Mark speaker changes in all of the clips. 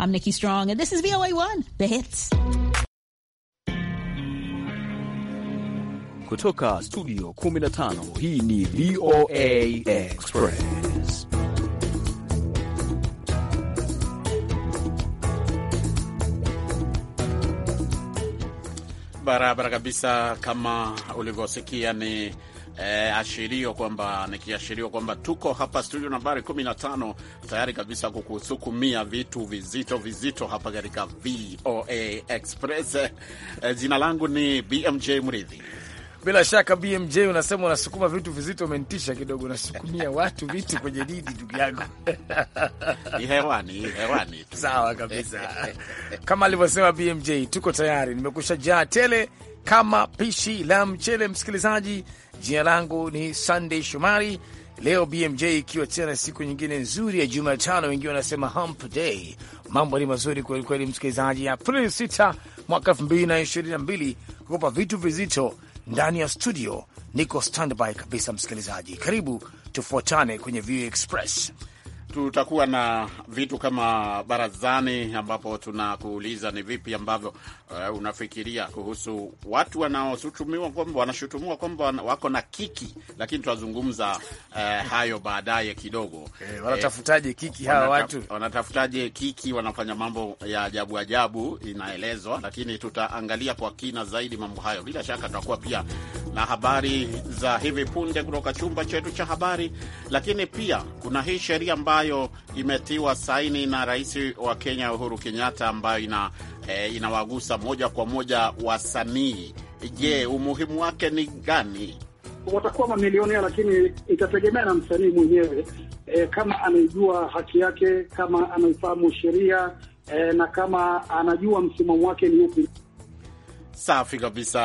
Speaker 1: I'm Nikki Strong, and this is VOA1, The Hits.
Speaker 2: Kutoka studio 15, hii ni VOA
Speaker 3: Express. Barabara kabisa, kama ulivyosikia ni eh, ashirio kwamba nikiashirio kwamba tuko hapa studio nambari 15 tayari kabisa kukusukumia vitu vizito vizito hapa katika VOA Express. Eh, jina langu ni BMJ Mridhi.
Speaker 4: Bila shaka BMJ, unasema unasukuma vitu vizito, umenitisha kidogo. Unasukumia watu vitu kwenye didi, ndugu yangu
Speaker 3: ni hewani, hewani. Sawa
Speaker 4: kabisa kama alivyosema BMJ, tuko tayari, nimekusha jaa tele kama pishi la mchele, msikilizaji Jina langu ni Sunday Shomari. Leo BMJ ikiwa tena siku nyingine nzuri ya Jumatano, wengine wanasema hump day. Mambo ni mazuri kwelikweli, msikilizaji. Aprili 6 mwaka 222 kukopa vitu vizito ndani ya studio, niko standby kabisa. Msikilizaji, karibu
Speaker 3: tufuatane kwenye VOA Express. Tutakuwa na vitu kama barazani, ambapo tunakuuliza ni vipi ambavyo uh, unafikiria kuhusu watu wanaoshutumiwa kwamba wanashutumiwa kwamba wako na kiki, lakini tunazungumza uh, eh, hayo baadaye kidogo. Eh, wanatafutaje kiki hawa watu? Wanatafutaje kiki? Wanafanya mambo ya ajabu ajabu, inaelezwa, lakini tutaangalia kwa kina zaidi mambo hayo. Bila shaka tutakuwa pia na habari za hivi punde kutoka chumba chetu cha habari, lakini pia kuna hii sheria ambayo imetiwa saini na rais wa Kenya Uhuru Kenyatta ambayo ina e, inawagusa moja kwa moja wasanii. Je, hmm. umuhimu wake ni gani?
Speaker 1: Watakuwa mamilionea, lakini itategemea na msanii mwenyewe e, kama anaijua haki yake, kama anaifahamu sheria e, na kama anajua msimamo wake ni upi.
Speaker 3: Safi kabisa,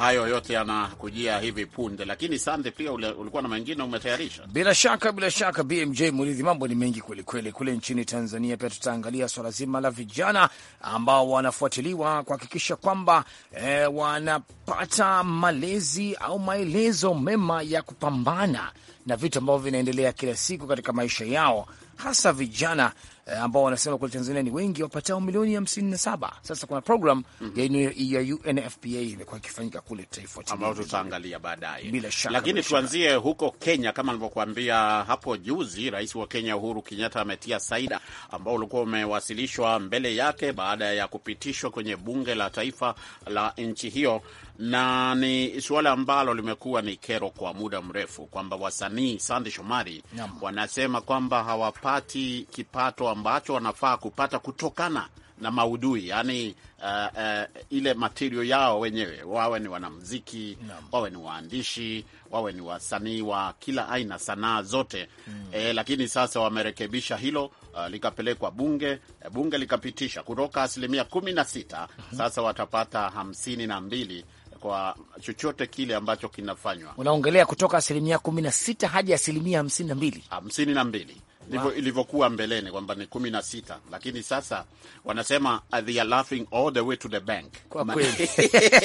Speaker 3: hayo yote yanakujia hivi punde. Lakini Sande, pia ulikuwa na mengine umetayarisha? Bila
Speaker 4: shaka, bila shaka, BMJ Muridhi, mambo ni mengi kwelikweli. Kule nchini Tanzania pia tutaangalia swala zima la vijana ambao wanafuatiliwa kuhakikisha kwamba eh, wanapata malezi au maelezo mema ya kupambana na vitu ambavyo vinaendelea kila siku katika maisha yao, hasa vijana Eh, ambao wanasema kule Tanzania ni wengi wapatao milioni hamsini na saba. Sasa kuna program mm -hmm. ya UNFPA imekuwa ikifanyika
Speaker 3: kule taifa ambao tutaangalia baadaye, bila shaka. Lakini tuanzie huko Kenya, kama nilivyokuambia hapo juzi, Rais wa Kenya Uhuru Kenyatta ametia saida ambao ulikuwa umewasilishwa mbele yake baada ya kupitishwa kwenye bunge la taifa la nchi hiyo, na ni suala ambalo limekuwa ni kero kwa muda mrefu, kwamba wasanii, Sande Shomari, wanasema kwamba hawapati kipato ambacho wanafaa kupata kutokana na maudhui yani, uh, uh, ile material yao wenyewe, wawe ni wanamuziki no. wawe ni waandishi, wawe ni wasanii wa kila aina, sanaa zote mm. E, lakini sasa wamerekebisha hilo uh, likapelekwa bunge, bunge likapitisha kutoka asilimia kumi na sita mhm. sasa watapata hamsini na mbili kwa chochote kile ambacho kinafanywa.
Speaker 4: Unaongelea kutoka asilimia kumi na sita hadi asilimia hamsini
Speaker 3: na mbili hamsini na mbili wow, ilivyokuwa mbeleni kwamba ni kumi na sita, lakini sasa wanasema they are laughing all the way to the bank. Kwa kweli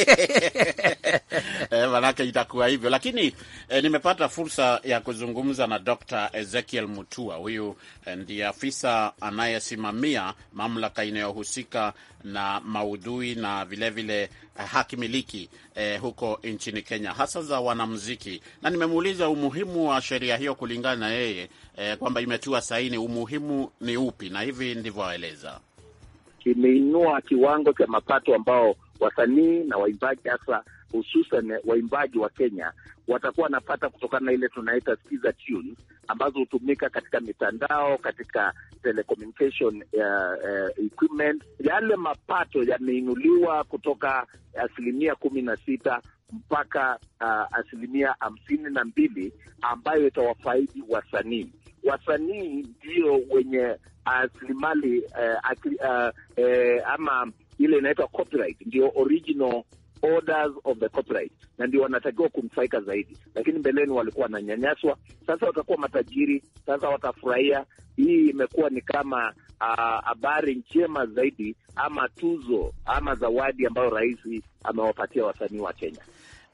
Speaker 3: manake itakuwa hivyo. Lakini eh, nimepata fursa ya kuzungumza na Dr. Ezekiel Mutua. Huyu eh, ndiye afisa anayesimamia mamlaka inayohusika na maudhui na vilevile vile eh, haki miliki eh, huko nchini Kenya, hasa za wanamuziki, na nimemuuliza umuhimu wa sheria hiyo kulingana na yeye eh, kwamba imetiwa saini, umuhimu ni upi, na hivi ndivyo aeleza.
Speaker 2: Kimeinua kiwango cha mapato ambao wasanii na waimbaji hasa hususan waimbaji wa Kenya watakuwa wanapata kutokana na ile tunaita skiza tunes ambazo hutumika katika mitandao, katika telecommunication uh, uh, equipment. Yale mapato yameinuliwa kutoka asilimia kumi na sita mpaka uh, asilimia hamsini na mbili ambayo itawafaidi wasanii. Wasanii ndio wenye rasilimali uh, uh, uh, ama ile inaitwa copyright, ndio original of the copyright, na ndio wanatakiwa kumfaika zaidi, lakini mbeleni walikuwa wananyanyaswa. Sasa watakuwa matajiri, sasa watafurahia. Hii imekuwa ni kama habari njema zaidi ama tuzo ama zawadi ambayo rais amewapatia wasanii wa Kenya.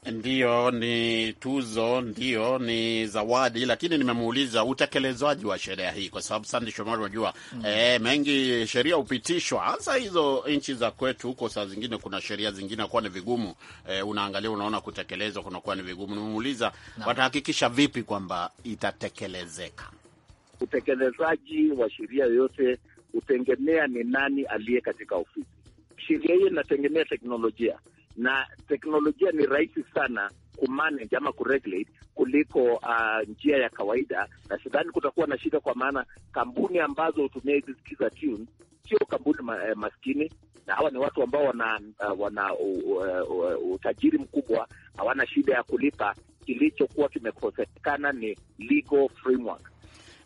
Speaker 3: Ndiyo, ni tuzo, ndio ni zawadi, lakini nimemuuliza utekelezaji wa sheria hii, kwa sababu Sandi Shomari, unajua mm. e, mengi sheria hupitishwa, hasa hizo nchi za kwetu huko, saa zingine kuna sheria zingine kuwa ni vigumu e, unaangalia unaona kutekelezwa kunakuwa ni vigumu. Nimemuuliza watahakikisha vipi kwamba itatekelezeka.
Speaker 2: Utekelezaji wa sheria yoyote hutegemea ni nani aliye katika ofisi. Sheria hiyo inategemea teknolojia na teknolojia ni rahisi sana kumanage ama kuregulate kuliko uh, njia ya kawaida, na sidhani kutakuwa na shida, kwa maana kampuni ambazo hutumia hizi skiza tune sio kampuni ma, eh, maskini na hawa ni watu ambao wana uh, wana utajiri uh, uh, mkubwa. Hawana shida ya kulipa. Kilichokuwa kimekosekana ni legal framework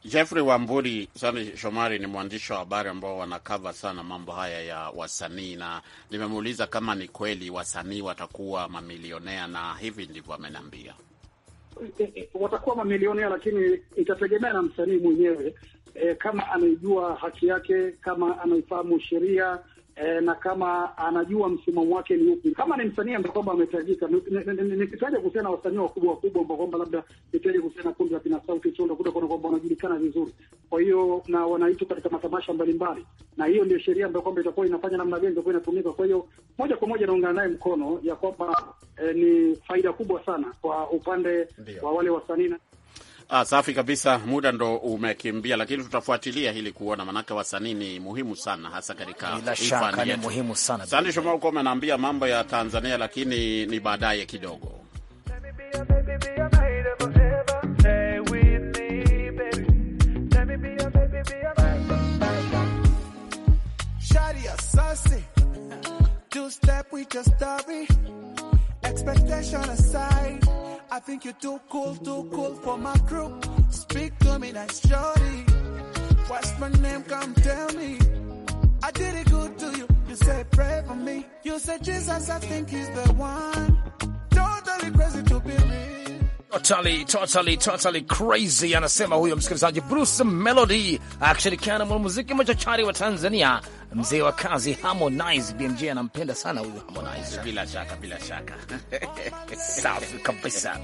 Speaker 3: Jeffrey Wamburi. Sani Shomari ni mwandishi wa habari ambao wanakava sana mambo haya ya wasanii, na nimemuuliza kama ni kweli wasanii watakuwa mamilionea, na hivi ndivyo ameniambia.
Speaker 1: Eh, eh, watakuwa mamilionea, lakini itategemea na msanii mwenyewe e, kama anaijua haki yake, kama anaifahamu sheria e, na kama anajua msimamo wake ni upi, kama ni msanii ambaye kwamba ametajika. Nikitaja kuhusiana na wasanii wakubwa wakubwa ambao kwamba labda nitaje kuhusiana na kundi la kina Sauti tu, utakuta kuna kwamba wanajulikana vizuri, kwa hiyo na wanaitwa katika matamasha mbalimbali, na hiyo ndio sheria ambayo kwamba itakuwa inafanya namna gani itakuwa inatumika. Kwa hiyo moja kwa moja naungana naye mkono ya kwamba e, ni faida kubwa sana kwa upande Ndiyo. wa wale wasanii
Speaker 3: Ah, safi kabisa, muda ndo umekimbia, lakini tutafuatilia hili kuona, manake wasanii ni muhimu sana, hasa katika Sande Shomau uko anaambia mambo ya Tanzania, lakini ni baadaye kidogo.
Speaker 1: Expectation aside, I think you're too cool, too cool for my crew. Speak
Speaker 4: to me, that's Jody. What's my name? Come tell me. I did it good to you. You said pray for me. You said Jesus, I think he's the one. Totally crazy to be real. Totally, totally, totally crazy anasema huyo msikilizaji Bruce Melody akishirikiana na mwanamuziki machachari wa Tanzania mzee wa kazi Harmonize. BMJ anampenda sana huyo Harmonize. Bila
Speaker 3: shaka, bila shaka. Safi
Speaker 4: kabisa.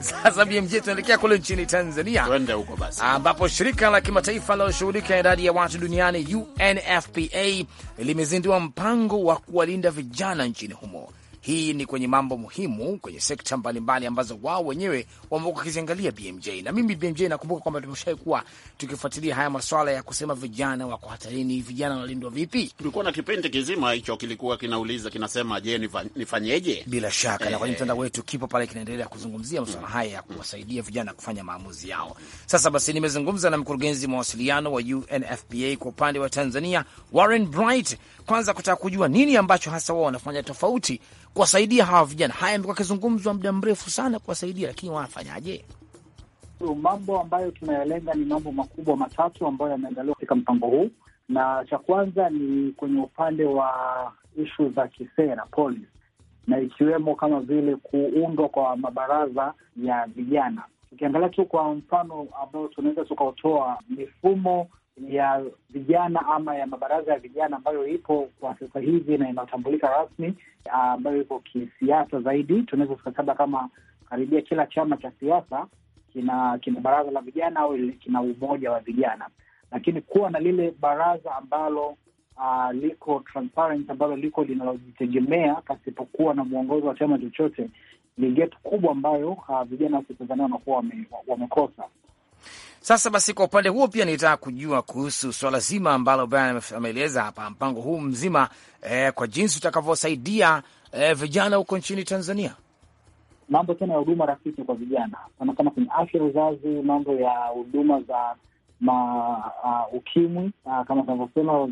Speaker 4: Sasa BMJ, tunaelekea kule nchini Tanzania. Twende huko basi. Ambapo shirika la kimataifa linaloshughulika idadi ya watu duniani UNFPA limezindua mpango wa kuwalinda vijana nchini humo. Hii ni kwenye mambo muhimu kwenye sekta mbalimbali ambazo wao wenyewe wamekuwa wakiziangalia BMJ. Na mimi BMJ nakumbuka kwamba tumeshai kuwa tukifuatilia haya maswala ya kusema vijana wako hatarini, vijana wanalindwa
Speaker 3: vipi. Tulikuwa na kipindi kizima hicho kilikuwa kinauliza kinasema, je, nifanyeje? Bila shaka eh, na kwenye eh.
Speaker 4: mtandao wetu kipo pale kinaendelea kuzungumzia maswala haya ya kuwasaidia vijana kufanya maamuzi yao. Sasa basi, nimezungumza na mkurugenzi mawasiliano wa UNFPA kwa upande wa Tanzania, Warren Bright, kwanza kutaka kujua nini ambacho hasa wao wanafanya tofauti kuwasaidia hawa vijana. Haya yamekuwa akizungumzwa muda mrefu sana kuwasaidia, lakini wanafanyaje?
Speaker 1: Mambo ambayo tunayalenga ni mambo makubwa matatu ambayo yameandaliwa katika mpango huu, na cha kwanza ni kwenye upande wa ishu za kisera na ikiwemo kama vile kuundwa kwa mabaraza ya vijana Tukiangalia tu kwa mfano ambao tunaweza tukaotoa mifumo ya vijana ama ya mabaraza ya vijana ambayo ipo kwa sasa hivi na inatambulika rasmi, ambayo iko kisiasa zaidi, tunaweza tukasaba kama karibia kila chama cha siasa kina kina baraza la vijana au kina umoja wa vijana, lakini kuwa na lile baraza ambalo Uh, liko transparent ambalo liko linalojitegemea pasipokuwa na mwongozo wa chama chochote, ni gap kubwa ambayo vijana wa Tanzania wanakuwa wame, wamekosa.
Speaker 4: Sasa basi, kwa upande huo pia nilitaka kujua kuhusu swala zima ambalo Brian ameeleza hapa, mpango huu mzima eh, kwa jinsi utakavyosaidia eh, vijana huko nchini Tanzania,
Speaker 1: mambo tena ya huduma rafiki kwa vijana, sana sana kwenye afya ya uzazi, mambo ya huduma za ma uh, ukimwi uh, kama tunavyosema uh,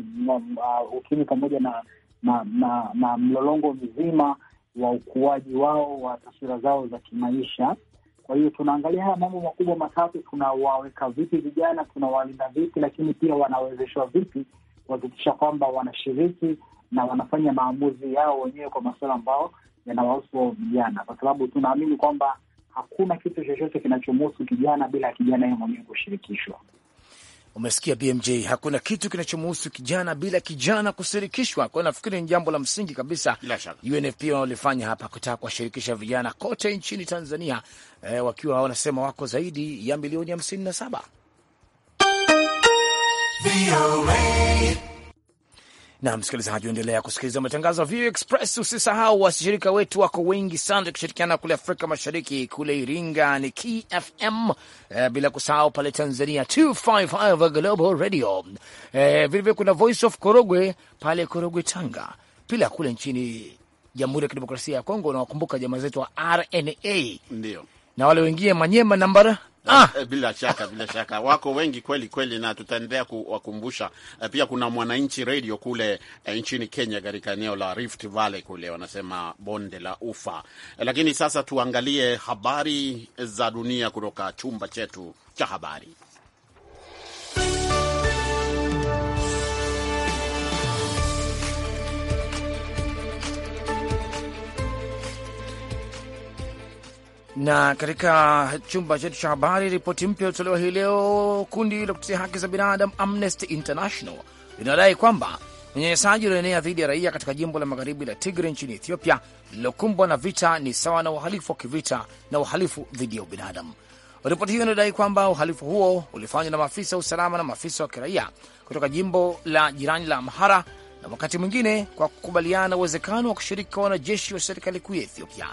Speaker 1: ukimwi pamoja na na, na, na mlolongo mzima wa ukuaji wao wa taswira zao za kimaisha. Kwa hiyo tunaangalia haya mambo makubwa matatu, tunawaweka vipi vijana, tunawalinda vipi, lakini pia wanawezeshwa vipi kuhakikisha kwamba wanashiriki na wanafanya maamuzi yao wenyewe kwa masuala ambayo yanawahusu vijana, kwa sababu tunaamini kwamba hakuna kitu chochote kinachomuhusu kijana bila kijana yeye
Speaker 4: mwenyewe kushirikishwa. Umesikia BMJ, hakuna kitu kinachomuhusu kijana bila kijana kushirikishwa. Kwa hiyo nafikiri ni jambo la msingi kabisa UNFP wanaolifanya hapa, kutaka kuwashirikisha vijana kote nchini Tanzania eh, wakiwa wanasema wako zaidi ya milioni 57 na msikilizaji, uendelea kusikiliza matangazo ya VOA Express. Usisahau washirika wetu wako wengi sana, tukishirikiana kule Afrika Mashariki, kule Iringa ni KFM e, eh, bila kusahau pale Tanzania 255 Global Radio eh, e, vilevile kuna Voice of Korogwe pale Korogwe, Tanga, pila kule nchini Jamhuri ya Kidemokrasia ya Kongo. Nawakumbuka jamaa zetu wa
Speaker 3: RNA ndio
Speaker 4: na wale wengine Manyema nambara
Speaker 3: Ah. ah. Eh, bila shaka bila shaka wako wengi kweli kweli, na tutaendelea kuwakumbusha. Eh, pia kuna Mwananchi Radio kule eh, nchini Kenya, katika eneo la Rift Valley kule wanasema bonde la ufa. Lakini sasa tuangalie habari za dunia kutoka chumba chetu cha habari.
Speaker 4: Na katika chumba chetu cha habari, ripoti mpya iliotolewa hii leo, kundi la kutetea haki za binadamu Amnesty International linadai kwamba unyanyasaji ulioenea dhidi ya raia katika jimbo la magharibi la Tigre nchini Ethiopia lililokumbwa na vita ni sawa na uhalifu wa kivita na uhalifu dhidi ya ubinadamu. Ripoti hiyo inadai kwamba uhalifu huo ulifanywa na maafisa wa usalama na maafisa wa kiraia kutoka jimbo la jirani la Amhara na wakati mwingine kwa kukubaliana na uwezekano wa kushiriki wanajeshi wa serikali kuu ya Ethiopia.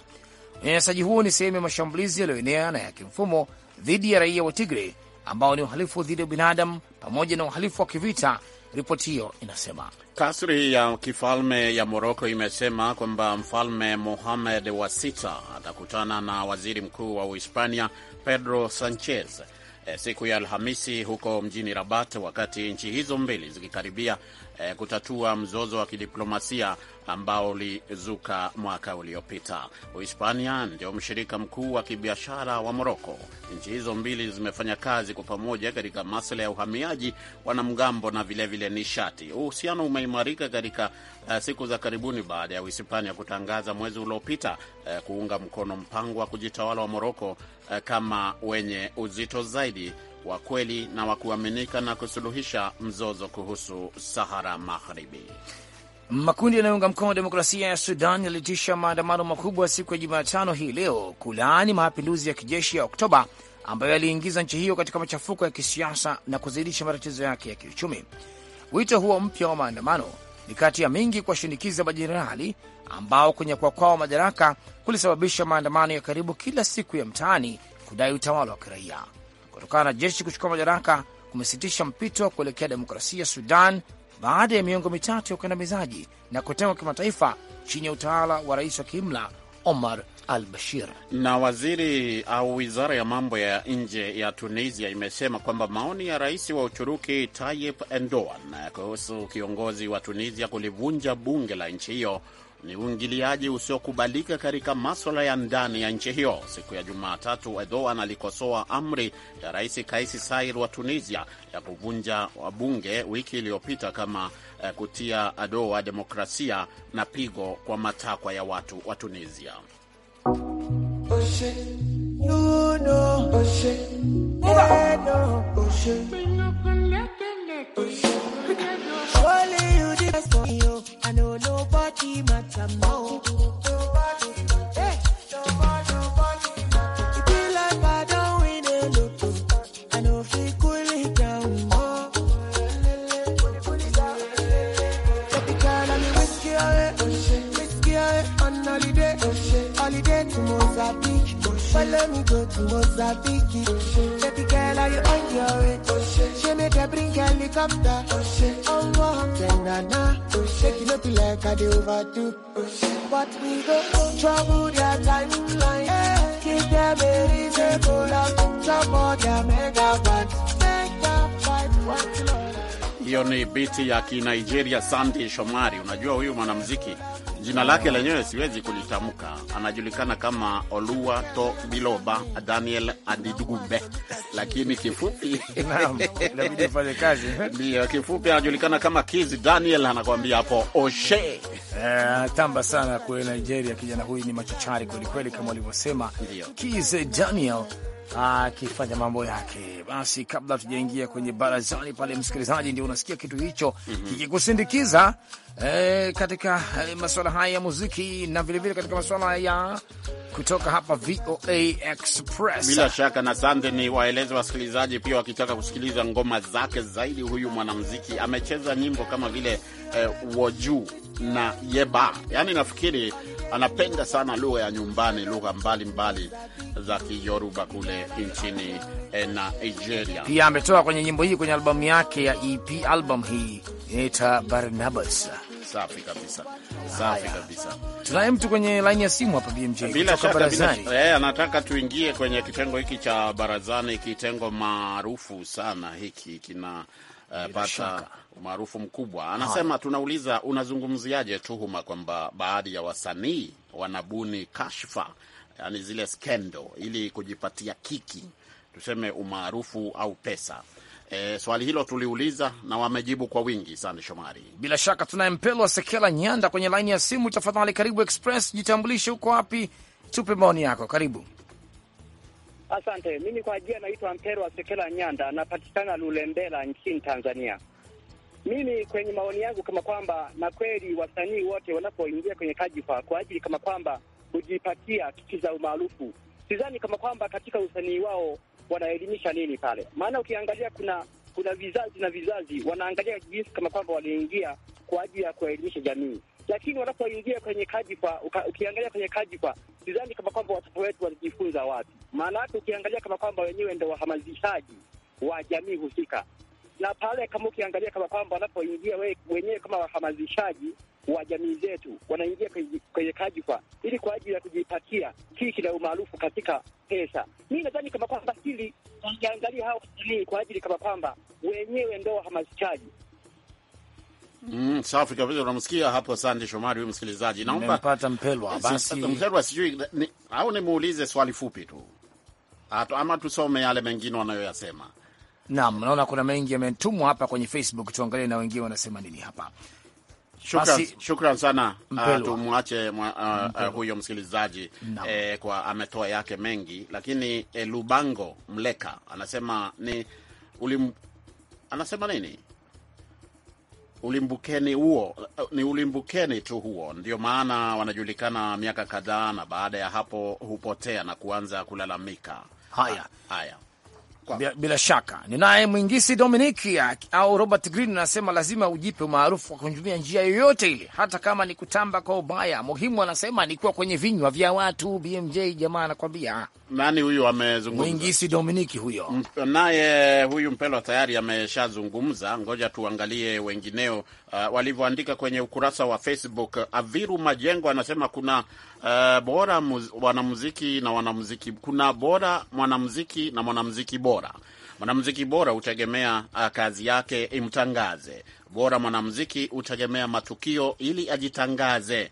Speaker 4: Unyanyasaji huo ni sehemu ya mashambulizi yaliyoenea na ya kimfumo dhidi ya raia wa Tigre ambao ni uhalifu dhidi ya binadamu pamoja na uhalifu wa kivita. Ripoti hiyo inasema
Speaker 3: kasri ya kifalme ya Moroko imesema kwamba mfalme Mohamed wa sita atakutana na waziri mkuu wa Uhispania Pedro Sanchez e, siku ya Alhamisi huko mjini Rabat, wakati nchi hizo mbili zikikaribia e, kutatua mzozo wa kidiplomasia ambao ulizuka mwaka uliopita. Uhispania ndio mshirika mkuu wa kibiashara wa Moroko. Nchi hizo mbili zimefanya kazi kwa pamoja katika masuala ya uhamiaji, wanamgambo na vilevile nishati. Uhusiano umeimarika katika uh, siku za karibuni baada ya Uhispania kutangaza mwezi uliopita uh, kuunga mkono mpango wa kujitawala wa Moroko uh, eh, kama wenye uzito zaidi wa kweli na wa kuaminika na kusuluhisha mzozo kuhusu Sahara Magharibi.
Speaker 4: Makundi yanayounga mkono demokrasia ya Sudan yaliitisha maandamano makubwa siku ya Jumatano hii leo kulaani mapinduzi ya kijeshi ya Oktoba ambayo yaliingiza nchi hiyo katika machafuko ya kisiasa na kuzidisha matatizo yake ya kiuchumi. Wito huo mpya wa maandamano ni kati ya mingi kuwashinikiza majenerali ambao kunyakua kwao madaraka kulisababisha maandamano ya karibu kila siku ya mtaani kudai utawala wa kiraia. Kutokana na jeshi kuchukua madaraka kumesitisha mpito wa kuelekea demokrasia Sudan baada ya miongo mitatu ya ukandamizaji na kutengwa kimataifa chini ya utawala wa rais wa kiimla Omar
Speaker 3: al-Bashir. Na waziri au wizara ya mambo ya nje ya Tunisia imesema kwamba maoni ya rais wa Uturuki Tayyip Erdogan kuhusu kiongozi wa Tunisia kulivunja bunge la nchi hiyo ni uingiliaji usiokubalika katika maswala ya ndani ya nchi hiyo. Siku ya Jumatatu, Erdogan alikosoa amri ya Rais Kaisi Sair wa Tunisia ya kuvunja wabunge wiki iliyopita kama kutia doa demokrasia na pigo kwa matakwa ya watu wa Tunisia.
Speaker 4: Oshé, no, no, oshé, eh, no, body like I
Speaker 1: don't I know
Speaker 4: you cool down
Speaker 2: me to Mozambique. me go to Mozambique. on your way. She made her bring helicopter. Oh, nana.
Speaker 4: like I do overdo. we go trouble their
Speaker 1: timeline. Trouble their mega
Speaker 3: hiyo ni biti ya Kinigeria sandi Shomari. Unajua huyu mwanamuziki Jina lake lenyewe siwezi kulitamka. Anajulikana kama Olua To Biloba Daniel Adidugube, lakini kifupi ndio kifupi, anajulikana kama Kiz Daniel, anakuambia hapo Oshe.
Speaker 4: Uh, tamba sana kule Nigeria. Kijana huyu ni machachari kwelikweli, kama walivyosema Kiz Daniel akifanya mambo yake. Basi, kabla tujaingia kwenye barazani pale, msikilizaji, ndio unasikia kitu hicho mm -hmm. kikikusindikiza eh, katika eh, masuala haya ya muziki na vilevile katika masuala ya kutoka hapa VOA Express. Bila
Speaker 3: shaka na sande, ni waeleze wasikilizaji pia wakitaka kusikiliza ngoma zake zaidi. Huyu mwanamuziki amecheza nyimbo kama vile eh, woju na yeba, yaani nafikiri anapenda sana lugha ya nyumbani, lugha mbalimbali za Kiyoruba kule nchini eh, na Nigeria. Pia
Speaker 4: ametoa kwenye nyimbo hii kwenye albamu yake ya EP album hii Eta Barnabas.
Speaker 3: Safi kabisa, safi kabisa.
Speaker 4: Tunaye mtu kwenye laini ya simu hapa BMJ kutoka barazani.
Speaker 3: Eh, anataka tuingie kwenye kitengo hiki cha barazani, kitengo maarufu sana hiki kina Uh, umaarufu mkubwa. Anasema, tunauliza unazungumziaje tuhuma kwamba baadhi ya wasanii wanabuni kashfa, yani zile skendo, ili kujipatia kiki, tuseme umaarufu au pesa. E, swali hilo tuliuliza na wamejibu kwa wingi. Sande Shomari, bila shaka
Speaker 4: tunaye Mpelo wa Sekela Nyanda kwenye laini ya simu. Tafadhali karibu Express, jitambulishe, uko wapi, tupe maoni yako, karibu.
Speaker 2: Asante, mimi kwa ajili naitwa Mpelo wa Sekela Nyanda, napatikana Lulembela nchini Tanzania. Mimi kwenye maoni yangu kama kwamba na kweli wasanii wote wanapoingia kwenye kajifa kwa ajili kama kwamba kujipatia kiki za umaarufu sidhani kama kwamba katika usanii wao wanaelimisha nini pale, maana ukiangalia kuna kuna vizazi na vizazi wanaangalia jinsi kama kwamba waliingia kwa ajili ya kuwaelimisha jamii, lakini wanapoingia kwenye Kajifa, ukiangalia kwenye Kajifa, sidhani kama kwamba watoto wetu walijifunza wapi. Maana yake ukiangalia kama kwamba wenyewe ndo wahamasishaji wa jamii husika, na pale kama ukiangalia kama kwamba wanapoingia wenyewe kama wahamasishaji wa jamii zetu wanaingia kwenye kajfa ili kwa ajili ya kujipatia kiki na umaarufu katika pesa. Mi nadhani kama kwamba hili wangeangalia hawa wasanii kwa ajili kama kwamba wenyewe ndo wahamasishaji.
Speaker 3: Mm, safi kabisa. Unamsikia hapo asante Shomari, huyu msikilizaji. Naomba nimempata Mpelwa, eh, basi Mpelwa, sijui ni, au nimuulize swali fupi tu Ato, ama tusome yale mengine wanayoyasema.
Speaker 4: Naam, naona kuna mengi yametumwa hapa kwenye Facebook, tuangalie na wengine wanasema nini hapa.
Speaker 3: Shukran, shukran sana uh, tumwache uh, uh, huyo msikilizaji no. eh, kwa ametoa yake mengi, lakini eh, Lubango Mleka anasema ni ulim, anasema nini ulimbukeni huo ni ulimbukeni tu huo, ndio maana wanajulikana miaka kadhaa, na baada ya hapo hupotea na kuanza kulalamika. Haya, haya bila, bila shaka
Speaker 4: ni naye mwingisi Dominic au Robert Green anasema lazima ujipe umaarufu kwa kutumia njia yoyote ile, hata kama ni kutamba kwa ubaya. Muhimu anasema ni kuwa kwenye vinywa vya watu. BMJ jamaa anakwambia
Speaker 3: nani huyu amezungumza? Mwingisi Dominiki huyo, naye huyu mpelwa tayari ameshazungumza. Ngoja tuangalie wengineo uh, walivyoandika kwenye ukurasa wa Facebook. Aviru Majengo anasema kuna uh, bora wanamuziki na wanamuziki, kuna bora mwanamuziki na mwanamuziki bora. Mwanamuziki bora hutegemea uh, kazi yake imtangaze. Bora mwanamuziki hutegemea matukio ili ajitangaze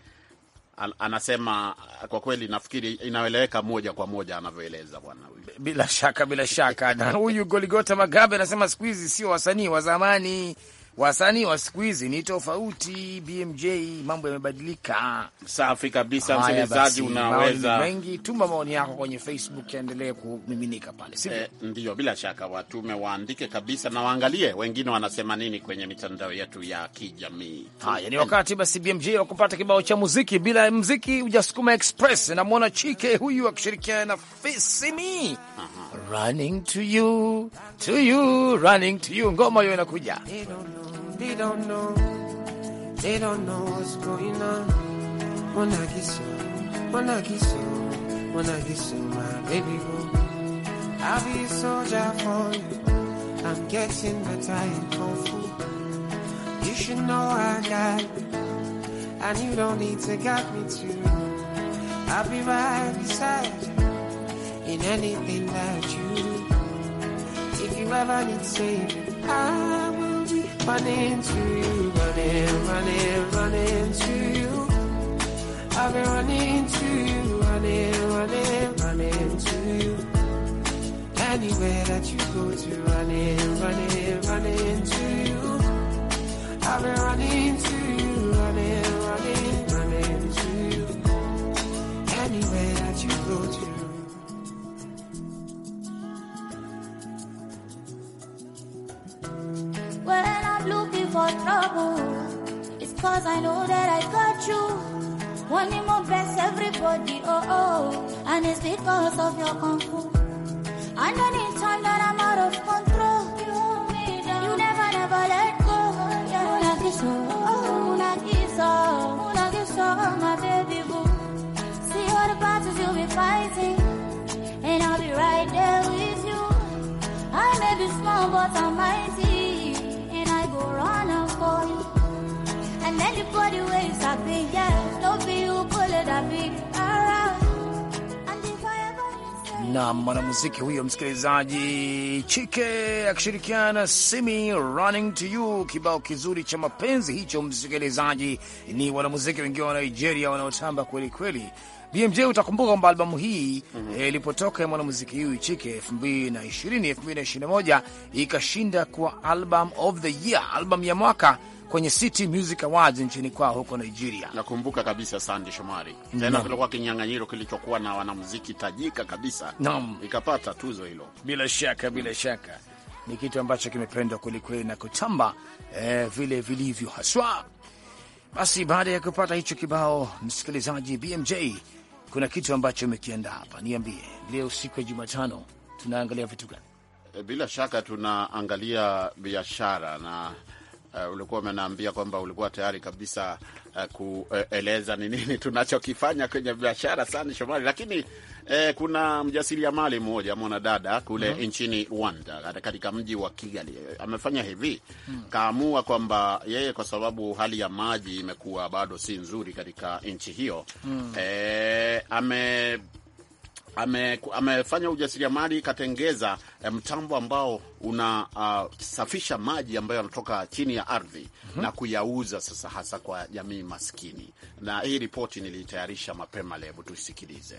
Speaker 3: anasema kwa kweli nafikiri inaeleweka moja kwa moja anavyoeleza bwana huyu. Bila shaka, bila
Speaker 4: shaka na huyu Goligota Magabe anasema siku hizi sio wasanii wa zamani wasanii wa siku hizi ni tofauti. BMJ, mambo yamebadilika.
Speaker 3: Safi kabisa, msikilizaji, unaweza mengi.
Speaker 4: Tuma maoni yako kwenye Facebook, yaendelee kumiminika pale, sivyo? Eh,
Speaker 3: ndio, bila shaka watume waandike kabisa na waangalie wengine wanasema nini kwenye mitandao yetu ya kijamii. Haya,
Speaker 4: ni wakati basi BMJ wa kupata kibao cha muziki. Bila muziki hujasukuma express. Namwona Chike huyu akishirikiana na Fisimi, running to you, to you, running to you. Ngoma hiyo inakuja They don't know, they don't know what's going on. When I get so, when I get so, when I get so, my baby boy. I'll be a soldier for you. I'm getting better in kung fu. You should know I got you, and you don't need to get me too. I'll be right beside you in anything that you do. If you ever need saving, I Running to you, running, running, running to you. I've been running to you, running, running, running to you. Anywhere that you go to,
Speaker 3: running, running, running to you. I've been running to you, running, running, running to you. Anywhere that you go to. Well looking
Speaker 1: for trouble. It's cause I know that I got you. Wanting my best, everybody, oh oh. And it's because of your kung fu. And any time that I'm out of control, you hold me down. You never, never let go. Yeah. Muna kiso, oh, muna my baby boo. See all the battles you'll be fighting, and I'll be right there with you. I may be small, but I'm
Speaker 4: Na mwanamuziki huyo msikilizaji Chike akishirikiana Simi running to you, kibao kizuri cha mapenzi hicho. Msikilizaji, ni wanamuziki wengine wa Nigeria wanaotamba kweli kweli. BMJ utakumbuka kwamba albamu hii mhm. eh, ilipotoka mm -hmm. ya mwanamuziki huyu Chike 2020 2021 ikashinda kuwa album of the year, album ya mwaka kwenye City Music Awards
Speaker 3: nchini kwao huko Nigeria. Nakumbuka kabisa Sande Shomari, tena kulikuwa kinyang'anyiro kilichokuwa na wanamuziki tajika kabisa, naam, ikapata tuzo hilo. Bila shaka, bila mm. shaka
Speaker 4: ni kitu ambacho kimependwa kwelikweli na kutamba eh, vile vilivyo haswa. Basi baada ya kupata hicho kibao, msikilizaji BMJ, kuna kitu ambacho umekiandaa hapa, niambie, leo siku ya Jumatano tunaangalia vitu gani?
Speaker 3: Eh, bila shaka tunaangalia biashara na uh, ulikuwa umeniambia kwamba ulikuwa tayari kabisa uh, kueleza ni nini tunachokifanya kwenye biashara sana Shomali, lakini eh, kuna mjasiriamali mmoja mwanadada kule mm -hmm. nchini Rwanda katika mji wa Kigali amefanya hivi mm -hmm. kaamua kwamba yeye kwa sababu hali ya maji imekuwa bado si nzuri katika nchi hiyo mm -hmm. eh, ame ame, amefanya ujasiriamali katengeza eh, mtambo ambao unasafisha ah, uh, maji ambayo yanatoka chini ya ardhi mm -hmm. na kuyauza sasa hasa kwa jamii maskini. Na hii ripoti nilitayarisha mapema leo, tusikilize.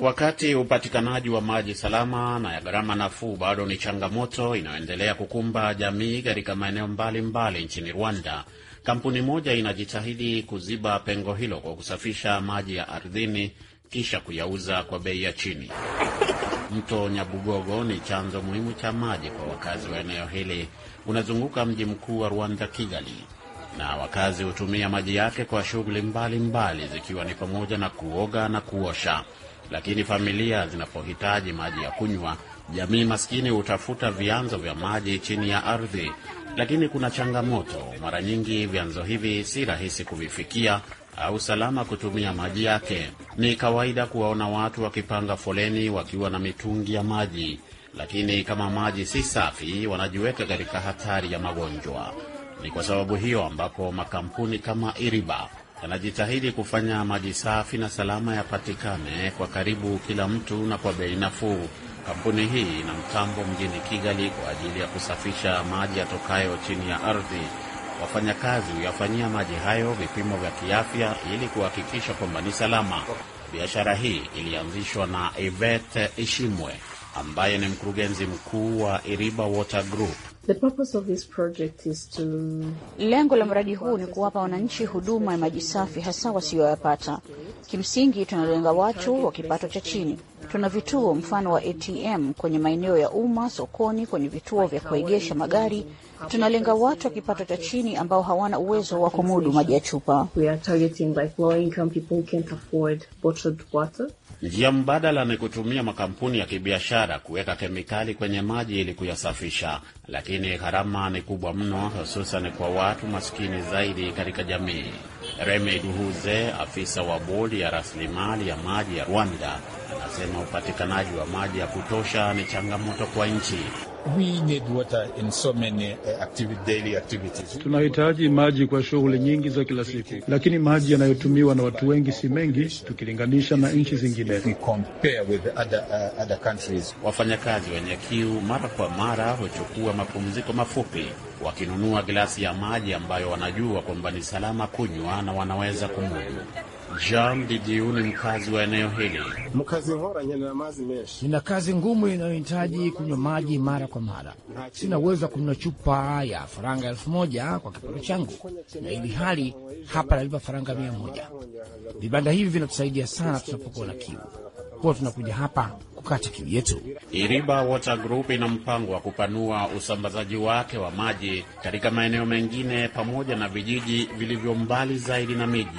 Speaker 3: Wakati upatikanaji wa maji salama na ya gharama nafuu bado ni changamoto inayoendelea kukumba jamii katika maeneo mbalimbali nchini Rwanda, kampuni moja inajitahidi kuziba pengo hilo kwa kusafisha maji ya ardhini kisha kuyauza kwa bei ya chini. Mto Nyabugogo ni chanzo muhimu cha maji kwa wakazi wa eneo hili. Unazunguka mji mkuu wa Rwanda, Kigali, na wakazi hutumia maji yake kwa shughuli mbalimbali, zikiwa ni pamoja na kuoga na kuosha. Lakini familia zinapohitaji maji ya kunywa, jamii maskini hutafuta vyanzo vya maji chini ya ardhi. Lakini kuna changamoto, mara nyingi vyanzo hivi si rahisi kuvifikia au salama kutumia maji yake. Ni kawaida kuwaona watu wakipanga foleni wakiwa na mitungi ya maji, lakini kama maji si safi, wanajiweka katika hatari ya magonjwa. Ni kwa sababu hiyo ambapo makampuni kama Iriba yanajitahidi kufanya maji safi na salama yapatikane kwa karibu kila mtu na kwa bei nafuu. Kampuni hii ina mtambo mjini Kigali kwa ajili ya kusafisha maji yatokayo chini ya ardhi Wafanyakazi huyafanyia maji hayo vipimo vya kiafya ili kuhakikisha kwamba ni salama. Biashara hii ilianzishwa na Ivete Ishimwe ambaye ni mkurugenzi mkuu wa Iriba Water Group
Speaker 1: The purpose of this project is to... Lengo la mradi huu ni kuwapa wananchi huduma ya maji safi hasa wasiyoyapata. Kimsingi tunalenga watu wa kipato cha chini. Tuna vituo mfano wa ATM kwenye maeneo ya umma, sokoni, kwenye vituo vya kuegesha magari. Tunalenga watu wa kipato cha chini ambao hawana uwezo wa kumudu maji ya chupa. We are targeting like low income people who can't afford bottled water.
Speaker 3: Njia mbadala ni kutumia makampuni ya kibiashara kuweka kemikali kwenye maji ili kuyasafisha, lakini gharama ni kubwa mno, hususan kwa watu maskini zaidi katika jamii. Remi Duhuze, afisa wa bodi ya rasilimali ya maji ya Rwanda, Anasema upatikanaji wa maji ya kutosha ni changamoto kwa nchi. So eh,
Speaker 1: tunahitaji maji kwa shughuli nyingi za kila siku, lakini maji yanayotumiwa na watu wengi si mengi tukilinganisha na nchi zingine.
Speaker 3: Eh, Wafanyakazi wenye kiu mara kwa mara huchukua mapumziko mafupi, wakinunua glasi ya maji ambayo wanajua kwamba ni salama kunywa na wanaweza kumudu. Jean Bidiu ni mkazi wa eneo hili.
Speaker 4: Nina kazi ngumu inayohitaji kunywa maji mara kwa mara. Sina uwezo wa kunywa chupa ya faranga elfu moja kwa kipato changu, na ili hali hapa nalipa faranga mia moja. Vibanda hivi vinatusaidia sana tunapokuwa na kiu, kuwa tunakuja hapa kukata kiu yetu.
Speaker 3: Iriba Water Group ina mpango wa kupanua usambazaji wake wa maji katika maeneo mengine pamoja na vijiji vilivyo mbali zaidi na miji.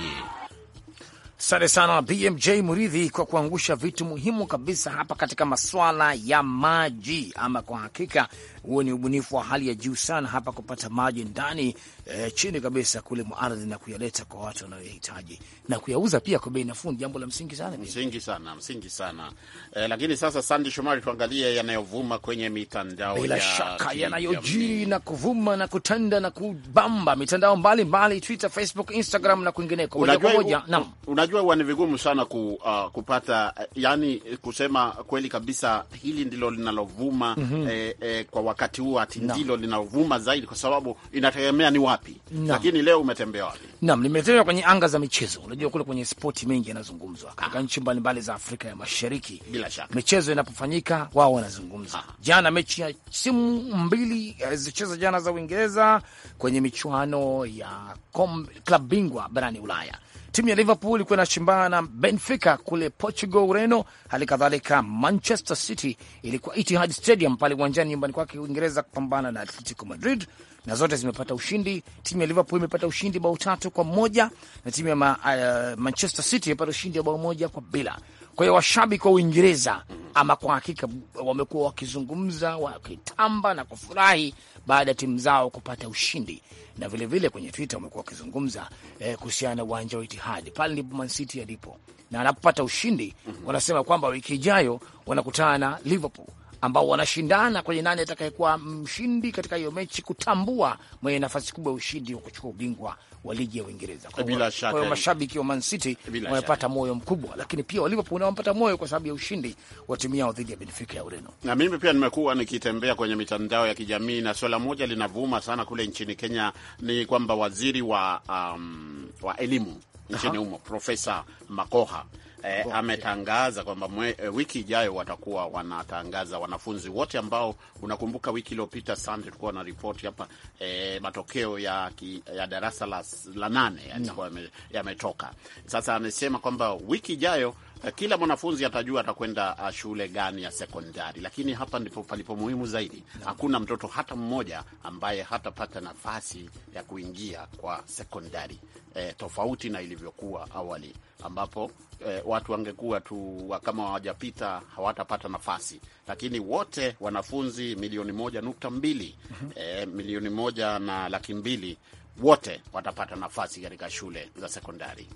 Speaker 3: Asante sana BMJ Muridhi kwa kuangusha
Speaker 4: vitu muhimu kabisa hapa katika maswala ya maji. Ama kwa hakika huo ni ubunifu wa hali ya juu sana hapa kupata maji ndani e, chini kabisa kule muardhi na kuyaleta kwa watu wanayohitaji na kuyauza pia kwa bei nafuu, jambo la msingi sana,
Speaker 3: msingi sana, msingi sana. E, lakini sasa, Sandi Shomari, tuangalie yanayovuma kwenye mitandao, bila ya shaka yanayojiri
Speaker 4: na kuvuma na kutanda na kubamba mitandao mbalimbali, Twitter, Facebook, Instagram na kwingineko. Moja kwa moja,
Speaker 3: naam unajua huwa ni vigumu sana ku, uh, kupata yani, kusema kweli kabisa, hili ndilo linalovuma mm -hmm. eh, eh, kwa wakati huu ati ndilo linalovuma zaidi, kwa sababu inategemea ni wapi no. Lakini leo umetembea wapi?
Speaker 4: Naam, nimetembea kwenye anga za michezo. Unajua kule kwenye spoti mengi yanazungumzwa ah. katika nchi mbalimbali za Afrika ya Mashariki, bila shaka michezo inapofanyika wao wanazungumza ah. Jana mechi ya simu mbili eh, zilicheza jana za Uingereza kwenye michuano ya kom, klabu bingwa barani Ulaya Timu ya Liverpool ilikuwa inashimbana na Benfica kule Portugal, Ureno. Hali kadhalika Manchester City ilikuwa Etihad Stadium pale uwanjani nyumbani kwake Uingereza kupambana na Atletico Madrid, na zote zimepata ushindi. Timu ya Liverpool imepata ushindi bao tatu kwa moja na timu ya ma, uh, Manchester City imepata ushindi wa bao moja kwa bila. Kwa hiyo washabiki wa Uingereza ama kwa hakika wamekuwa wakizungumza wakitamba na kufurahi baada ya timu zao kupata ushindi, na vilevile vile kwenye Twitter wamekuwa wakizungumza eh, kuhusiana na uwanja wa Itihadi pale ndipo Man City yalipo, na anapopata ushindi mhm. wanasema kwamba wiki ijayo wanakutana na Liverpool ambao wanashindana kwenye nani atakayekuwa mshindi katika hiyo mechi, kutambua mwenye nafasi kubwa ya ushindi wa kuchukua ubingwa wa ligi ya
Speaker 3: Uingereza. Kwa hiyo mashabiki
Speaker 4: wa Man City wamepata moyo mkubwa, lakini pia Liverpool wamepata moyo kwa sababu ya ushindi wa timu yao dhidi ya Benfica ya Ureno.
Speaker 3: Na mimi pia nimekuwa nikitembea kwenye mitandao ya kijamii, na swala moja linavuma sana kule nchini Kenya ni kwamba waziri wa, um, wa elimu nchini humo Profesa Makoha e, ametangaza kwamba e, wiki ijayo watakuwa wanatangaza wanafunzi wote ambao, unakumbuka wiki iliyopita Sande tulikuwa na ripoti hapa e, matokeo ya, ki, ya darasa la, la nane yalikuwa no. yametoka. Sasa amesema kwamba wiki ijayo Eh, kila mwanafunzi atajua atakwenda eh, shule gani ya sekondari, lakini hapa ndipo palipo muhimu zaidi. Hakuna mtoto hata mmoja ambaye hatapata nafasi ya kuingia kwa sekondari e, tofauti na ilivyokuwa awali ambapo e, watu wangekuwa tu kama hawajapita hawatapata nafasi, lakini wote wanafunzi milioni moja nukta mbili e, milioni moja na laki mbili wote watapata nafasi katika shule za sekondari.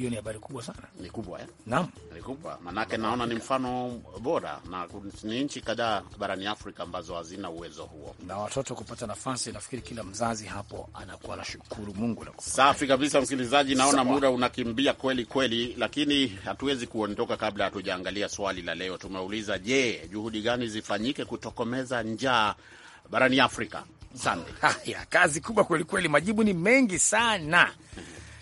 Speaker 3: Hiyo ni habari kubwa sana, ni kubwa eh? Naam, ni kubwa Mbana naona ni mfano bora, na ni nchi kadhaa barani Afrika ambazo hazina uwezo huo,
Speaker 4: na watoto kupata nafasi. Nafikiri kila mzazi hapo anakuwa shukuru Mungu. Safi
Speaker 3: kabisa, msikilizaji, naona muda unakimbia kweli kweli, lakini hatuwezi kuondoka kabla hatujaangalia swali la leo. Tumeuliza, je, juhudi gani zifanyike kutokomeza njaa barani Afrika? Sande. ya, kazi kubwa kweli kweli, majibu ni mengi sana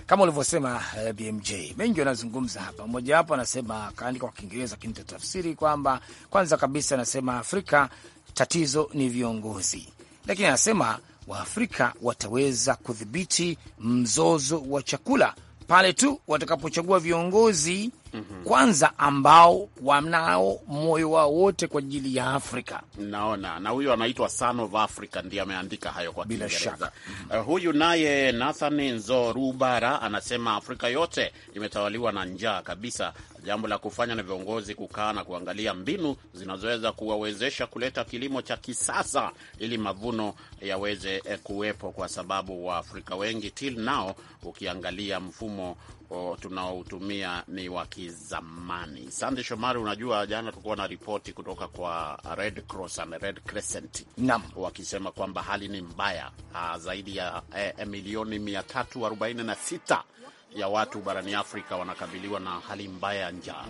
Speaker 4: kama ulivyosema eh, BMJ mengi wanazungumza hapa. Mmoja wapo anasema, kaandika kwa Kiingereza lakini tatafsiri kwamba kwanza kabisa anasema Afrika tatizo ni viongozi, lakini anasema Waafrika wataweza kudhibiti mzozo wa chakula pale tu watakapochagua viongozi
Speaker 2: -hmm. kwanza
Speaker 4: ambao
Speaker 3: wanao moyo wao wote kwa ajili ya Afrika. Naona na huyu anaitwa Son of Africa, ndiye ameandika hayo kwa bila shaka. Uh, huyu naye Nathan Nzorubara anasema Afrika yote imetawaliwa na njaa kabisa. Jambo la kufanya na viongozi kukaa na kuangalia mbinu zinazoweza kuwawezesha kuleta kilimo cha kisasa ili mavuno yaweze eh, kuwepo, kwa sababu Waafrika wengi till now, ukiangalia mfumo tunaotumia ni wa kizamani. Sande Shomari, unajua jana tukuwa na ripoti kutoka kwa Red Cross and Red Crescent Nam. wakisema kwamba hali ni mbaya ah, zaidi ya eh, eh milioni 346 ya watu barani Afrika wanakabiliwa na hali mbaya ya njaa.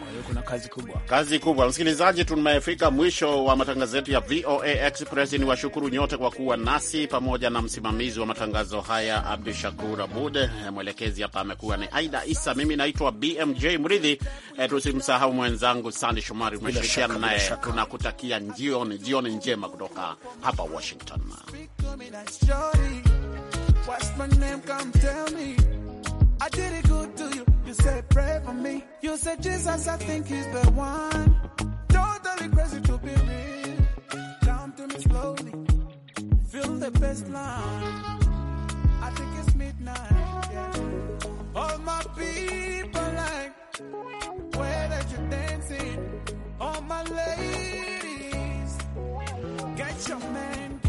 Speaker 3: Kwa hiyo kuna kazi kubwa, kazi kubwa. Msikilizaji, tumefika mwisho wa matangazo yetu ya VOA Express. Ni washukuru nyote kwa kuwa nasi, pamoja na msimamizi wa matangazo haya Abdu Shakur Abud, mwelekezi hapa amekuwa ni Aida Isa, mimi naitwa BMJ Mridhi. E, tusimsahau mwenzangu Sandi Shomari, umeshirikiana naye. Tunakutakia jioni, jioni njema kutoka hapa Washington.
Speaker 4: I did it good to you. You said pray for me. You said Jesus, I think he's the one. Totally crazy to be real. Come to me slowly. Feel the best line. I think it's midnight. Yeah. All my people like, where that you dancing? All my ladies, get your
Speaker 1: man.